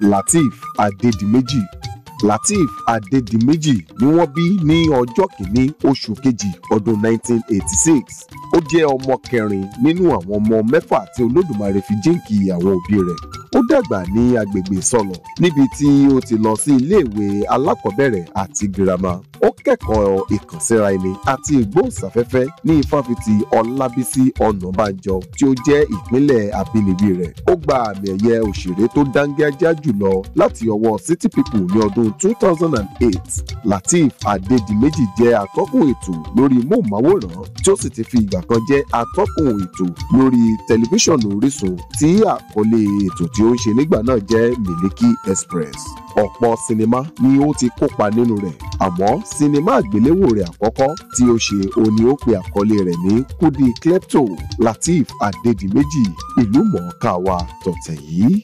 lateef adédìméjì lateef adédìméjì ni wọ́n bí ní ọjọ́ kìíní oṣù kejì ọdún 1986 ó jẹ́ ọmọ kẹrin nínú àwọn ọmọ mẹ́fà tí olódùmarè fi jíǹkì àwọn òbí rẹ̀ ó dàgbà ní agbègbè Ìsọlọ níbi tí ó ti lọ sí iléèwé alákọ̀ọ́bẹ̀rẹ̀ àti girama ó kẹ́kọ̀ọ́ ìkànsíra ẹni àti ìgbóhùnsáfẹ́fẹ́ ní ifáfitì Ọlábísí Ọ̀nàbànjọ tí ó jẹ́ ìpínlẹ̀ àbínibí rẹ̀ ó gba àmì ẹ̀yẹ òṣèré tó dáńgájíá jùlọ láti ọwọ́ City People ní ọdún 2008 latif Adédìméjì jẹ́ atọ́kùn ètò lórí móhùnmáwòrán tí ó sì ti fi ìgbà kan jẹ́ atọ́kùn ètò lórí tẹlifíṣàn Orísun tí àkọlé ètò tí ó ó ń ṣe nígbà náà jẹ́ Miliki Express ọ̀pọ̀ sinimá ni ó ti kópa nínú rẹ̀ àmọ́ sinimá àgbéléwò rẹ̀ àkọ́kọ́ tí ó ṣe òní ó pe àkọlé rẹ̀ ní Kudi Klepto Lateef Adedimeji ìlú mọ̀ọ́ká wa tọ̀tẹ̀ yìí.